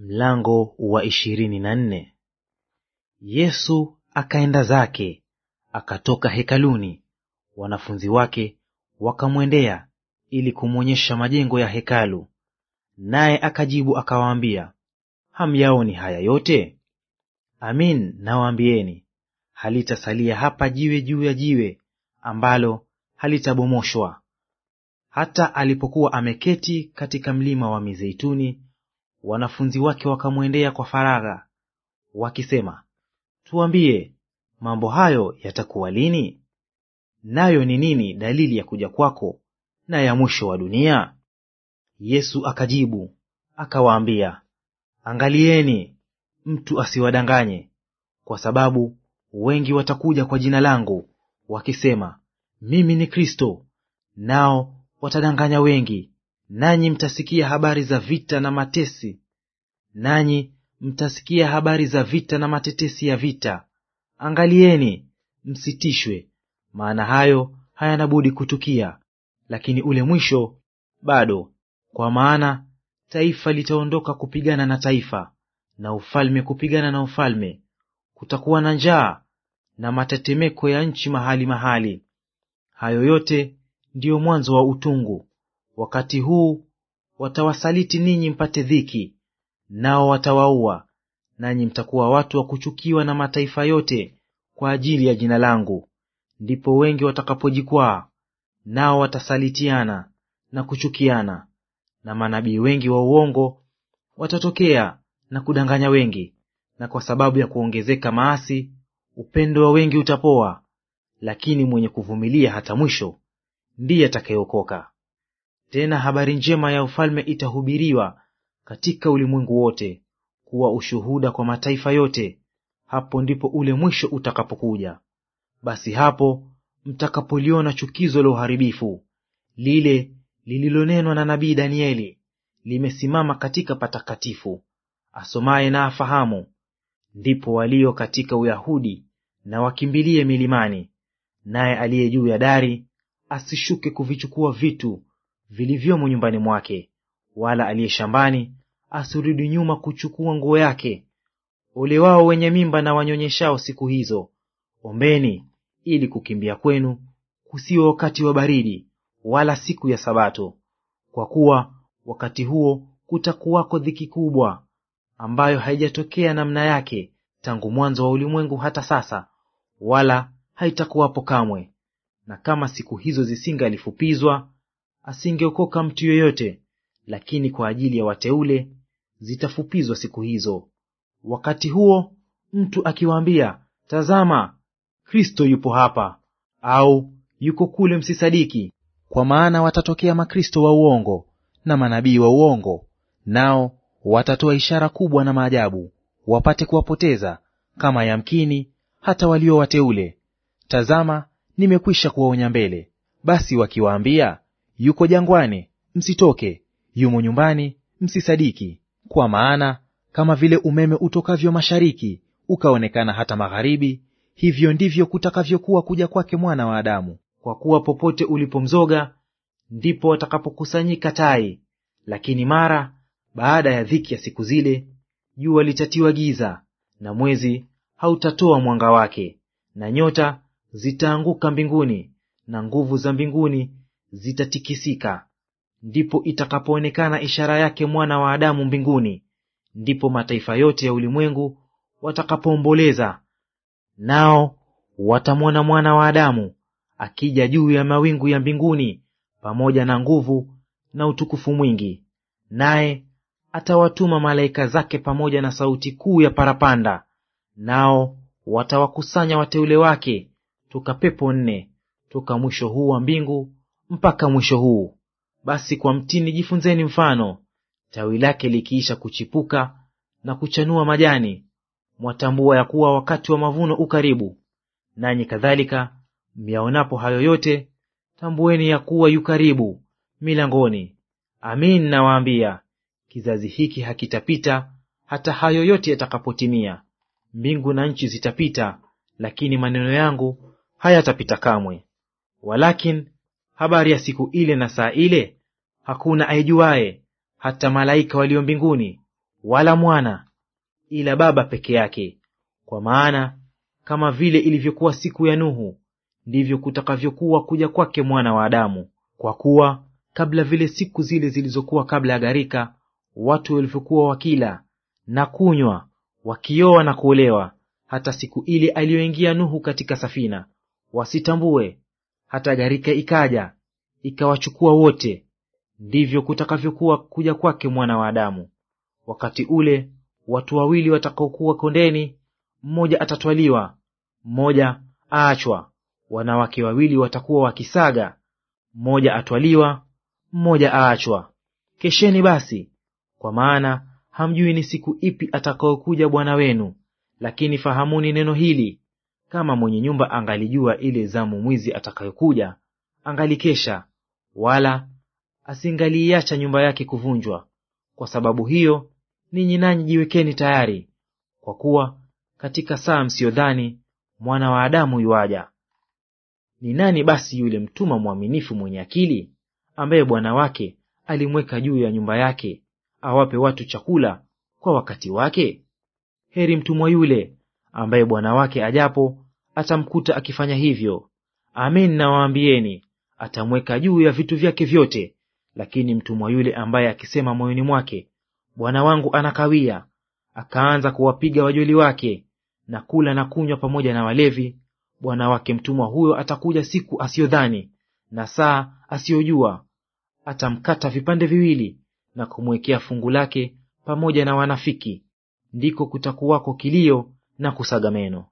Mlango wa ishirini na nne. Yesu akaenda zake akatoka hekaluni, wanafunzi wake wakamwendea ili kumwonyesha majengo ya hekalu. Naye akajibu akawaambia, hamyaoni haya yote? Amin nawaambieni, halitasalia hapa jiwe juu ya jiwe ambalo halitabomoshwa. Hata alipokuwa ameketi katika mlima wa Mizeituni, Wanafunzi wake wakamwendea kwa faragha wakisema, tuambie, mambo hayo yatakuwa lini? Nayo ni nini dalili ya kuja kwako na ya mwisho wa dunia? Yesu akajibu akawaambia, angalieni mtu asiwadanganye, kwa sababu wengi watakuja kwa jina langu wakisema, mimi ni Kristo, nao watadanganya wengi nanyi mtasikia habari za vita na matesi, nanyi mtasikia habari za vita na matetesi ya vita. Angalieni, msitishwe, maana hayo hayana budi kutukia, lakini ule mwisho bado. Kwa maana taifa litaondoka kupigana na taifa, na ufalme kupigana na ufalme. Kutakuwa na njaa na matetemeko ya nchi mahali mahali. Hayo yote ndiyo mwanzo wa utungu. Wakati huu watawasaliti ninyi mpate dhiki, nao watawaua, nanyi mtakuwa watu wa kuchukiwa na mataifa yote kwa ajili ya jina langu. Ndipo wengi watakapojikwaa, nao watasalitiana na kuchukiana, na manabii wengi wa uongo watatokea na kudanganya wengi. Na kwa sababu ya kuongezeka maasi, upendo wa wengi utapoa, lakini mwenye kuvumilia hata mwisho ndiye atakayeokoka. Tena habari njema ya ufalme itahubiriwa katika ulimwengu wote, kuwa ushuhuda kwa mataifa yote. Hapo ndipo ule mwisho utakapokuja. Basi hapo mtakapoliona chukizo la uharibifu lile lililonenwa na nabii Danieli limesimama katika patakatifu, asomaye na afahamu, ndipo walio katika Uyahudi na wakimbilie milimani, naye aliye juu ya dari asishuke kuvichukua vitu vilivyomo nyumbani mwake, wala aliye shambani asirudi nyuma kuchukua nguo yake. Ole wao wenye mimba na wanyonyeshao siku hizo! Ombeni ili kukimbia kwenu kusiwe wakati wa baridi, wala siku ya Sabato, kwa kuwa wakati huo kutakuwako dhiki kubwa, ambayo haijatokea namna yake tangu mwanzo wa ulimwengu hata sasa, wala haitakuwapo kamwe. Na kama siku hizo zisingalifupizwa, asingeokoka mtu yoyote, lakini kwa ajili ya wateule zitafupizwa siku hizo. Wakati huo mtu akiwaambia, tazama, Kristo yupo hapa, au yuko kule, msisadiki. Kwa maana watatokea makristo wa uongo na manabii wa uongo, nao watatoa ishara kubwa na maajabu, wapate kuwapoteza kama yamkini hata walio wateule. Tazama, nimekwisha kuwaonya mbele. Basi wakiwaambia yuko jangwani, msitoke; yumo nyumbani, msisadiki. Kwa maana kama vile umeme utokavyo mashariki ukaonekana hata magharibi, hivyo ndivyo kutakavyokuwa kuja kwake Mwana wa Adamu. Kwa kuwa popote ulipomzoga ndipo watakapokusanyika tai. Lakini mara baada ya dhiki ya siku zile, jua litatiwa giza, na mwezi hautatoa mwanga wake, na nyota zitaanguka mbinguni, na nguvu za mbinguni zitatikisika. Ndipo itakapoonekana ishara yake mwana wa Adamu mbinguni, ndipo mataifa yote ya ulimwengu watakapoomboleza, nao watamwona mwana wa Adamu akija juu ya mawingu ya mbinguni pamoja na nguvu na utukufu mwingi. Naye atawatuma malaika zake pamoja na sauti kuu ya parapanda, nao watawakusanya wateule wake toka pepo nne, toka mwisho huu wa mbingu mpaka mwisho huu. Basi kwa mtini jifunzeni mfano, tawi lake likiisha kuchipuka na kuchanua majani, mwatambua ya kuwa wakati wa mavuno ukaribu. Nanyi kadhalika, myaonapo hayo yote, tambueni ya kuwa yu karibu milangoni. Amin nawaambia, kizazi hiki hakitapita hata hayo yote yatakapotimia. Mbingu na nchi zitapita, lakini maneno yangu hayatapita kamwe. Walakin habari ya siku ile na saa ile hakuna aijuaye, hata malaika walio mbinguni, wala mwana, ila Baba peke yake. Kwa maana kama vile ilivyokuwa siku ya Nuhu, ndivyo kutakavyokuwa kuja kwake Mwana wa Adamu. Kwa kuwa kabla vile siku zile zilizokuwa kabla ya gharika, watu walivyokuwa wakila na kunywa, wakioa na kuolewa, hata siku ile aliyoingia Nuhu katika safina, wasitambue hata gharika ikaja ikawachukua wote, ndivyo kutakavyokuwa kuja kwake mwana wa Adamu. Wakati ule watu wawili watakaokuwa kondeni, mmoja atatwaliwa, mmoja aachwa. Wanawake wawili watakuwa wakisaga, mmoja atwaliwa, mmoja aachwa. Kesheni basi, kwa maana hamjui ni siku ipi atakayokuja Bwana wenu. Lakini fahamuni neno hili, kama mwenye nyumba angalijua ile zamu mwizi atakayokuja, angalikesha, wala asingaliiacha nyumba yake kuvunjwa. Kwa sababu hiyo, ninyi nanyi jiwekeni tayari, kwa kuwa katika saa msiyodhani mwana wa Adamu yuaja. Ni nani basi yule mtuma mwaminifu mwenye akili, ambaye bwana wake alimweka juu ya nyumba yake awape watu chakula kwa wakati wake? Heri mtumwa yule ambaye bwana wake ajapo atamkuta akifanya hivyo. Amin nawaambieni, atamweka juu ya vitu vyake vyote. Lakini mtumwa yule ambaye akisema moyoni mwake, bwana wangu anakawia, akaanza kuwapiga wajoli wake na kula na kunywa pamoja na walevi, bwana wake mtumwa huyo atakuja siku asiyodhani na saa asiyojua, atamkata vipande viwili na kumwekea fungu lake pamoja na wanafiki. Ndiko kutakuwako kilio na kusaga meno.